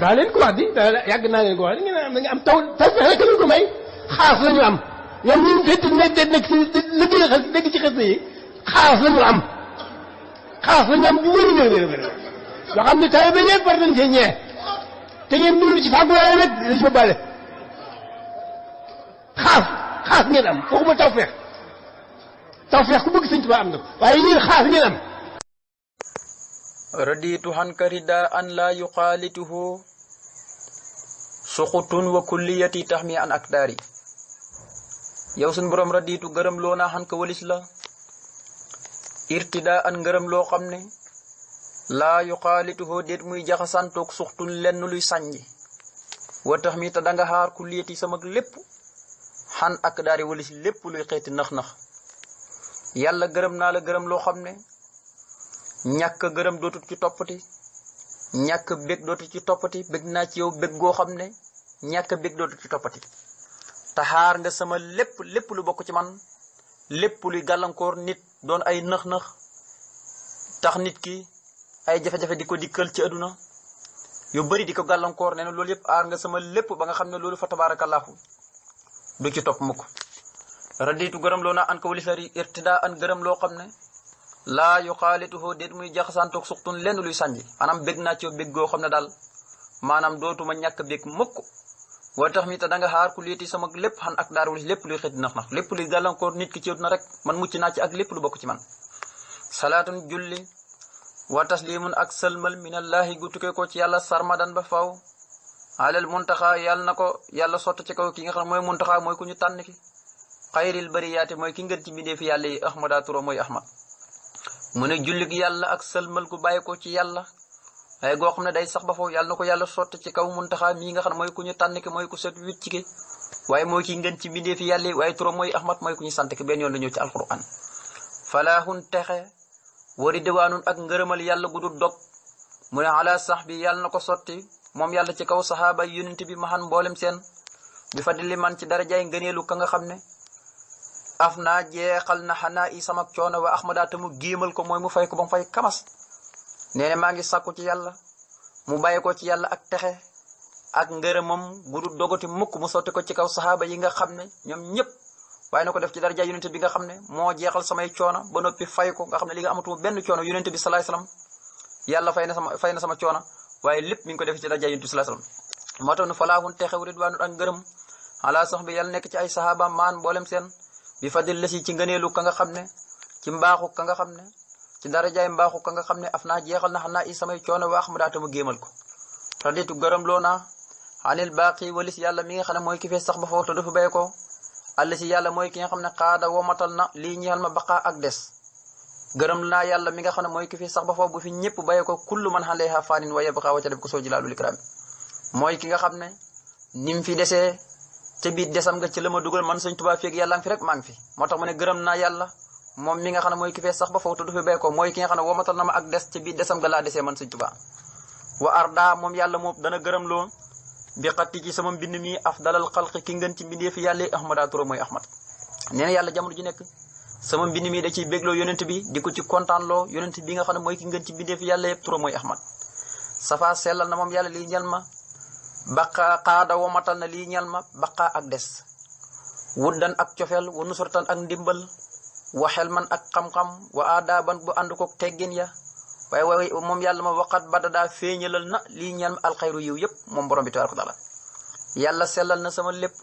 daa leen ko wax di yàgg naa leen ko wax xam ne nga am taw tawfeex rek lañ ko am ñoom ñu ngi la am xaas la a wér a wér yoo xam ne waaye nag xaas ngeen am waxuma tawfeex an laa yuxaalituhu suxutun wa kulliyati tax mi an ak daari yow suñ boroom radiitu gërëm loo naa xan ko walis la irtidaa an ngërëm loo xam ne laa yu xaalituhoo déet muy jaxasantoog suxtun lenn luy sànji wa tax mi te danga xaar kulliyati sama lépp xan ak daari walis lépp luy xeeti nax-nax yàlla gërëm naa la gërëm loo xam ne ñàkk gërëm dootut ci toppati ñàkk bég dootu ci toppati bëgg naa ci yow bég goo xam ne ñàkk bég dootu ci toppati taxaar nga sama lépp lépp lu bokk ci man lépp luy gàllankoor nit doon ay nëx-nëx tax nit ki ay jafe-jafe di ko dikkal ci adduna yu bari di ko gàllankoor nee na loolu yëpp aar nga sama lépp ba nga xam ne loolu fa tabaarakallaahu du ci topp mukk raditu gërëm loo naa an ko walisari irtida an gërëm loo xam ne laa yuxaalituhu déet muy jaxasantoog suxtun lenn luy sànji maanaam bég naa ci bég goo xam ne daal maanaam dootuma ñàkk bég mukk wala tax mi te da nga xaar ku liiti sama lépp xan ak daar wala lépp luy xëj na nax lépp luy gàllankoor nit ki ci na rek man mucc naa ci ak lépp lu bokk ci man salaatun julli wa taslimun ak sëlmal minallaahi gu tukkee ko ci yàlla sarmadan ba faw alal muntaxaa yàlla na ko yàlla sotti ci kaw ki nga xam mooy muntaxaa mooy ku ñu tànn ki xayril bariyaate mooy ki ngën ci bindee fi yàlla yi ahmada turo mooy ahmad mu ne jullik yàlla ak sëlmal gu bàyyi ko ci yàlla waaye goo xam ne day sax ba foofu yàlla ko yàlla sotti ci kaw muntaxaa mii nga xam ne mooy ku ñu tànn ki mooy ku set wicc ki waaye mooy ci bindee fi yàlla waaye turam mooy ahmad mooy sant ki benn yoon la ñëw ci alquran falaahun texe wari diwaanun yàlla gu dul dog mu ne ala sax bi yàlla na ko sotti moom yàlla ci kaw saxaaba yonent bi maxan mboolem seen bi fa di liman ci darajaay ngëneelu ka nga xam ne af naa jeexal na xanaa i sama coono wa axmada te mu ko mooy mu fay ko ba mu fay kamas nee na maa ngi sàkku ci yàlla mu bàyyi ko ci yàlla ak texe ak ngërëmam bu du dogoti mukk mu sotti ko ci kaw saxaaba yi nga xam ne ñoom ñëpp waaye na ko def ci daraja yonente bi nga xam ne moo jeexal samay coono ba noppi fay ko nga xam ne li nga amatuma benn coono yonente bi salaay salaam yàlla fay na sama fay na sama coono waaye lépp mi ngi ko def ci daraja yonente bi salaay salaam moo tax bi yàlla nekk ci ay saxaaba maan mboolem seen bi fadil la si ci ngëneelu ka nga xam ne ci mbaaxu ka nga xam ne ci darajaay mbaaxu ka nga xam ne af naa jeexal na xam naa i samay coono waax mu daata mu géemal ko raditu gërëm loo naa anil baaqi walis yàlla mi nga xam ne mooy ki sax ba foofu te dafa bay ko àll si yàlla mooy ki nga xam ne xaada womatal na lii ñeel ma ba baqaa ak des gërëm naa yàlla mi nga xam ne mooy ki sax ba foofu fi ñëpp bàyyi ko kullu man alayha faanin wa yabqa wa ca def ko soo jilaalul nga xam ne nim fi desee te biir desam nga ci la ma dugal man sëñ Tuubaa feeg yàlla fi rek maa fi moo tax mu ne gërëm naa yàlla moom mi nga xam ne mooy ki fee sax ba faw te du fi bay ko mooy ki nga ci biir gërëm loo bi ci sama mbind mi af dalal xalq ki ngeen ci mbindee fi yàlla ahmada turo mooy ahmad nee na yàlla jamono ji nekk sama mbind mi da ciy bégloo yonent bi di ko ci kontaanloo yonent bi nga xam ne mooy ki ngeen ci mbindee fi yàlla yëpp turo mooy ahmad safa sellal na moom yàlla li ñel ma baqa xaada womatal na lii ñal ma baqa ak des wuddan ak cofeel wa nusurtan ak ndimbal waxel man ak xam-xam wa aadaaban bu ànd kook teggin ya waaye waaye moom yàlla ma waqat badadaa feeñalal na lii ñal ma alxayru yiw yépp moom borom bi tabaaraka taala yàlla selal na sama lépp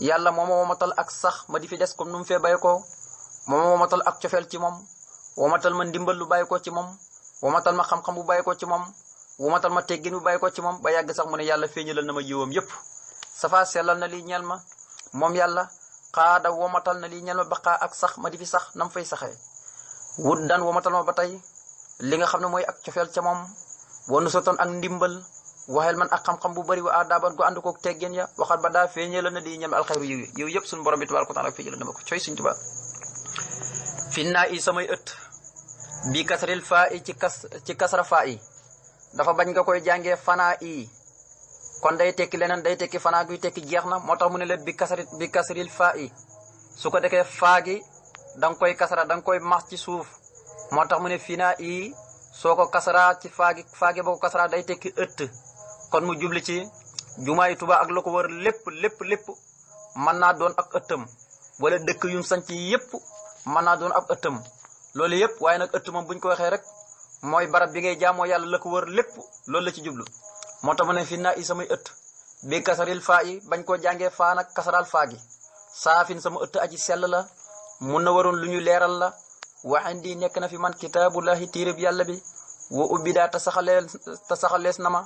yàlla mooma womatal ak sax ma di fi des comme nu mu fee bàyyi ko mooma womatal ak cofeel ci moom womatal ma ndimbal lu bàyyi ko ci moom womatal ma xam-xam bu bay ko ci moom wu matal ma teggin bu bàyyi ko ci moom ba yàgg sax mu ne yàlla feeñalal na ma yiwam yépp safa sellal na lii ñel ma moom yàlla xaada womatal na lii ñel ma baqaa ak sax ma di fi sax nam fay saxe wut daan womatal ma ba tey li nga xam ne mooy ak cofeel ca moom wanu sotoon ak ndimbal waxeel man ak xam-xam bu bari wa aadaaban ko ànd koog teggeen ya waxat ba daa feeñalal na lii ñel ma alxayru yiw yiw yëpp suñu borom bi tabaaraka wa taala feeñalal na ma ko cooy suñ tubaab samay ëtt bi kasril faa i ci kas ci dafa bañ nga koy jàngee fanaa ii kon day tekki leneen day tekki fanaa guy tekki jeex na moo tax mu ne leen bi kasari bi kasaril fa i su ko defee faa gi koy kasara da koy mas ci suuf moo tax mu ne finaa ii soo ko kasaraa ci faa gi faa gi boo ko kasaraa day tekki ëtt kon mu jubli ci jumaa yi tubaa ak la ko wër lépp lépp lépp mën naa doon ak ëttam wala dëkk yum sanc yépp mën naa doon ab ëttam loolu yépp waaye nag ëtt moom bu ñu ko waxee rek mooy barab bi ngay jaamoo yàlla la ko wër lépp loolu la ci jublu moo tax mu ne fi naa i samay ëtt bi kasaril faa yi bañ koo jàngee faa nag kasaral faa gi saafin sama ëtt aji sell la mun na waroon lu ñu leeral la waxandi nekk na fi man kitaabullahi téereb yàlla bi woo ubbi daa tasaxalee tasaxalees na ma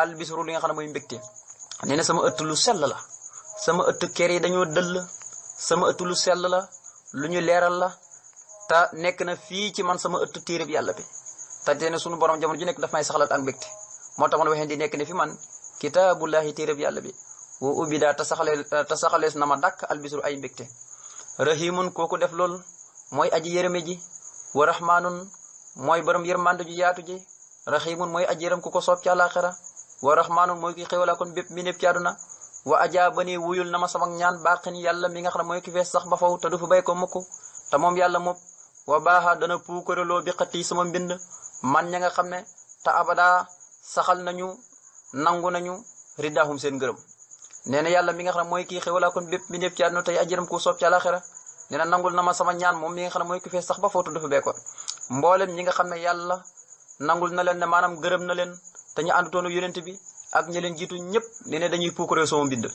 albisru li nga xam ne mooy mbégte nee na sama ëtt lu sell la sama ëtt kër yi dañoo dëll sama ëtt lu sell la lu ñu leeral la te nekk na fii ci man sama ëtt téereb yàlla bi tantee ne sunu borom jamono ju nekk daf may saxlaat ak mbégte moo tax man waxeen di nekk ne fi man kitaabullahi téereb yàlla bi wa ubida te saxale te saxalees na ma dàkk albisru ay mbégte rahimun kooku def lool mooy aji yërëme ji wa rahmaanun mooy borom yërmande ju yaatu ji rahimun mooy aji yërëm ku ko soob ci àlaxira wa rahmaanun mooy ki xéwala kon bépp mi népp ci àdduna wa ajaa ba ni wuyul na ma sama ñaan baqin yàlla mi nga xam mooy ki fees sax ba faw ta du fi bay ko mukk te yàlla moom wa baaxa dana sama mbind man ña nga xam ne te abada saxal nañu nangu nañu riddahum seen ngërëm nee na yàlla mi nga xam ne mooy kii xewalaa kon bépp mi ndépp ci àdduna tey ajëram ku soob ci àlaxira nee na nangul na ma sama ñaan moom mi nga xam ne mooy ku sax ba footu dafa bekkoon mboolem ñi xam ne yàlla nangul na leen ne maanaam gërëm na leen te ñu àndutoon ak yonent bi ak ñi leen jiitu ñëpp nee na dañuy puukaroo sama mbind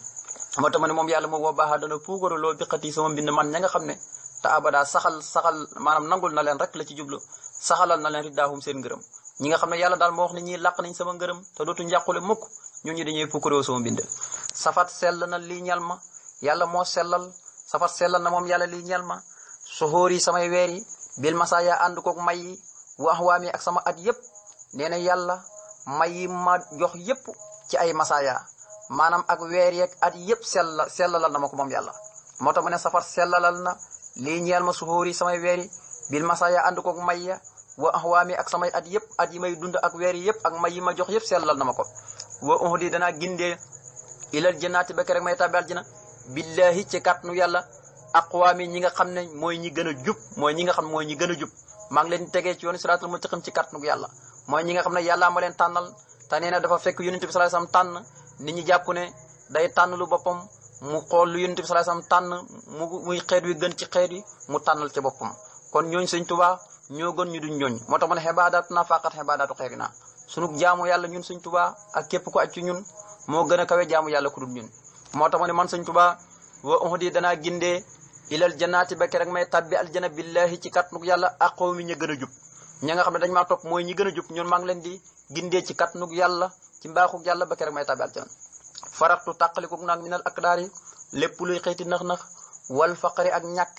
moo tax ma ne moom yàlla moo boo baaxaa dana puukaroo loo biqati sama mbind man ña nga xam ne te abada saxal saxal maanaam nangul na leen rek la ci jublu saxalal na leen riddaahum seen ngërëm ñi nga xam ne yàlla daal moo wax ne ñii làq nañ ñi sama bind safat sell na lii ñal ma yàlla moo sellal safat sellal na moom yàlla lii ñal ma soxóor yi samay weer yi bil masaaya ànd kook may wax wa axwaam ak sama at yépp nee na yàlla may ma jox yépp ci ay masaaya maanaam ak weer yeeg at yépp sell sellalal na ma ko moom yàlla moo tax mu ne safar sellalal na lii ñeel ma suxóor samay weer bil masaya ànd koog may ya wa axwaami ak samay at yëpp at yi may dund ak weer yi yëpp ak may yi ma jox yëpp sellal na ma ko wa di dana gindee ilal jannaati ba rek may tàbbi aljana billahi ci kàttanu yàlla aqwaami ñi nga xam ne mooy ñi gën a jub mooy ñi nga xam ne mooy ñi gën a jub maa ngi leen tegee ci yoon yoonu siraatul mustaqim ci kàttanu yàlla mooy ñi nga xam ne yàlla ma leen tànnal te nee na dafa fekk yonent bi sallallahu alayhi wasallam tànn nit ñi jàpp ne day tànn boppam mu xool lu yonent bi sallallahu sam tànn mu muy xeet wi gën ci xeet yi mu tànnal ci boppam kon ñooñ sëñ tubaa ñoo gën ñu duñ ñooñ moo tax ma ne xebaadaatu naa faqat xebaadaatu xeeri naa sunu jaamu yàlla ñun sëñ tubaa ak képp ko aj ci ñun moo gën a kawe jaamu yàlla ku dul ñun moo tax mu ne man sëñ tubaa wa uhdi danaa gindee ilal janaati ba rek may tabbi aljana billahi ci katnuk yàlla ak qawmi ña gën a jub ña nga xam ne dañ maa topp mooy ñi gën a jub ñun maa ngi leen di gindee ci katnuk yàlla ci mbaaxuk yàlla ba rek may tabbi aljana faraxtu tàqalikuk naag minal akdaar yi lépp luy xëyti nax-nax wal faqari ak ñàkk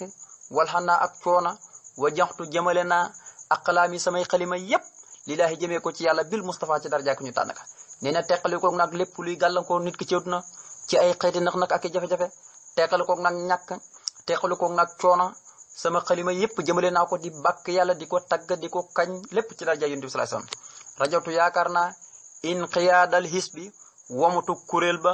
wal xanaa ak coona wa jaxtu jëmale naa aqlaami samay xalima yépp lillaahi jëmee ko ci yàlla bil Mustafa ci darajaa ku ñu tànn ka nee na teqali koog nag lépp luy gàllankoor nit ki ci na ci ay xeeti nax nag ak i jafe-jafe teqali koog nag ñàkk teqali ko nag coona sama xalima yépp jëmale naa ko di bàkk yàlla di ko tagg di ko kañ lépp ci darajaa yonent bi sallallahu alayhi wasallam yaakaar naa inqiyaadal hisbi wamatu kuréel ba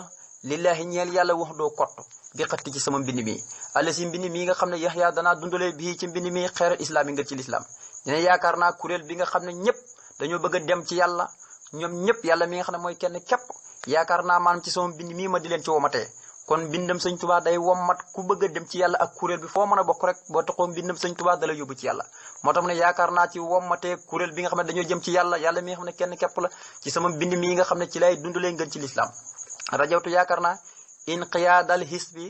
lillaahi ñeel yàlla wax doo kott bi xat ki ci sama mbind mi àlla si mbind mii nga xam ne yaxyaa danaa dundalee bii ci mbind mi xeeral islaam yi nga xam ne ñëpp dañoo bëgg a dem ñëpp yàlla mi nga xam ne mooy kenn képp yaakaar naa maanaam ci sama mii ma di leen ci womatee kon mbindam sëñ tubaa day wommat ku bëgg ci yàlla ak kuréel bi foo a bokk rek boo taxoo mbindam sëñ tubaa dala yóbbu ci yàlla moo tax ne yaakaar naa ci wommatee kuréel bi nga xam ne dañoo jëm ci yàlla yàlla mi nga xam ne kenn képp la ci sama mbind mii nga xam ne ci lay dundalee ngën ci lislaam rajawtu yaakaar naa inqiyaadal hisbi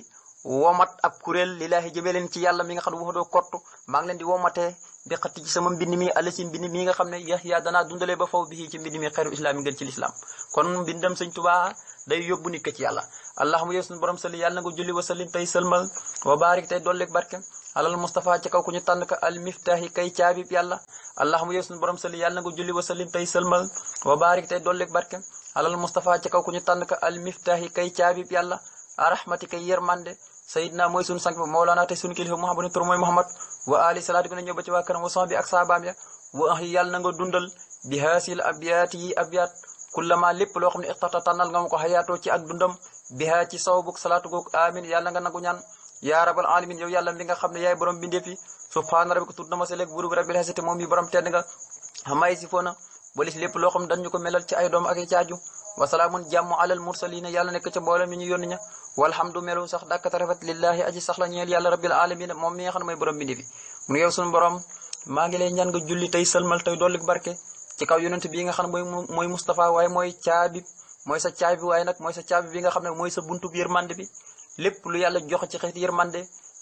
womat ab kuréel lilaahi jëmee leen ci yàlla mi nga xam ne waxdoo kott maa ngi leen di womatee bi xatti ci sama mbind mi ala si mbind mi nga xam ne yaxya danaa dundalee ba faw bi ci mbind mi xeeru islaam yi ngeen ci lislaam kon mbindam sëñ Tuubaa day yóbbu nit ci yàlla allahuma yow suñu borom sali yàlla nga julli wa sallim tey sëlmal wa baarik tey dollik barke alal Mustafa ci kaw ku ñu tànn ka al miftaahi kay caabib yàlla allahuma yow suñu borom sali yàlla nga julli wa sallim tey sëlmal wa baarik tey dollik barke alal Moustapha ca kaw ñu tànn al miftaahi kay caabib yàlla arahmati kay yërmande sayidna mooy sunu sang bi te sunu kilifa Muhammad Muhammad wa ali salaatu bi na ñëw ba ci waa kanam wa son bi ak saabaam ya loo xam ne ixtata tànnal nga ma ko xayaatoo ci ak dundam bihaa ci saw bug salaatu goog amin nga nangu ñaan xam ne yaay borom bindeef bi si foona wala si lépp loo xam dañ ñu ko melal ci ay doom yàlla nekk la ñeel yàlla rabbil alamin moom mi nga xam ne mooy borom bindi fi ci kaw yonent bi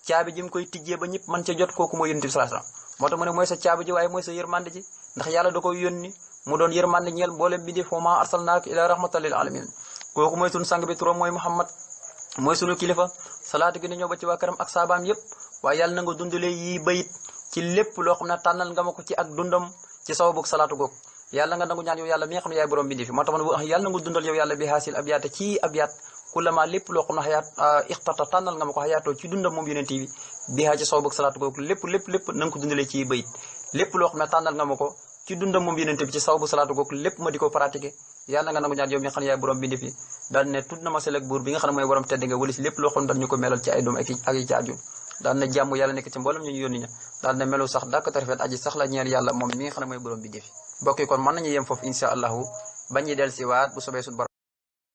caabi mooy koy tijjee ba ñëpp mën ca jot kooku mooy yonent bi sallallahu alayhi moo tax mu ne mooy sa caabi ji waaye mooy sa yërmande ji ndax yàlla da koy mu doon yërmande ñeel mboolem bindéef wa maa arsalnaaka ilaa rahmatan alamin kooku mooy sunu sang bi turam mooy Muhammad mooy sunu kilifa salaatu gi ne ñëw ba ci waa këram ak saabaam yépp waaye yàlla na nga dundalee yii bayit ci lépp loo xam ne tànnal nga ma ko ci ak dundam ci sababu salaatu googu yàlla nga nangu ñaan yow yàlla mi nga xam ne yaay borom bindéef moo tax man lépp loo xam ne xayaat ah, ixtata tànnal nga ma ko xayaatoo ci dundam moom yonent bi bi haa ci sababu lépp lépp lépp ko dundalee ci bayit lépp loo xam ne tànnal nga ma ko ci dundam moom yonent bi ci saw bu salaatu googu lépp ma di ko pratiqué yàlla nga nangu ñaan yow mi nga xam ne yaay borom bindi fi daal ne tudd na ma selek buur bi nga xam ne mooy borom tedd nga bokki kon mën nañu yem foofu insha allahu bañuy del si bu sobee suñu borom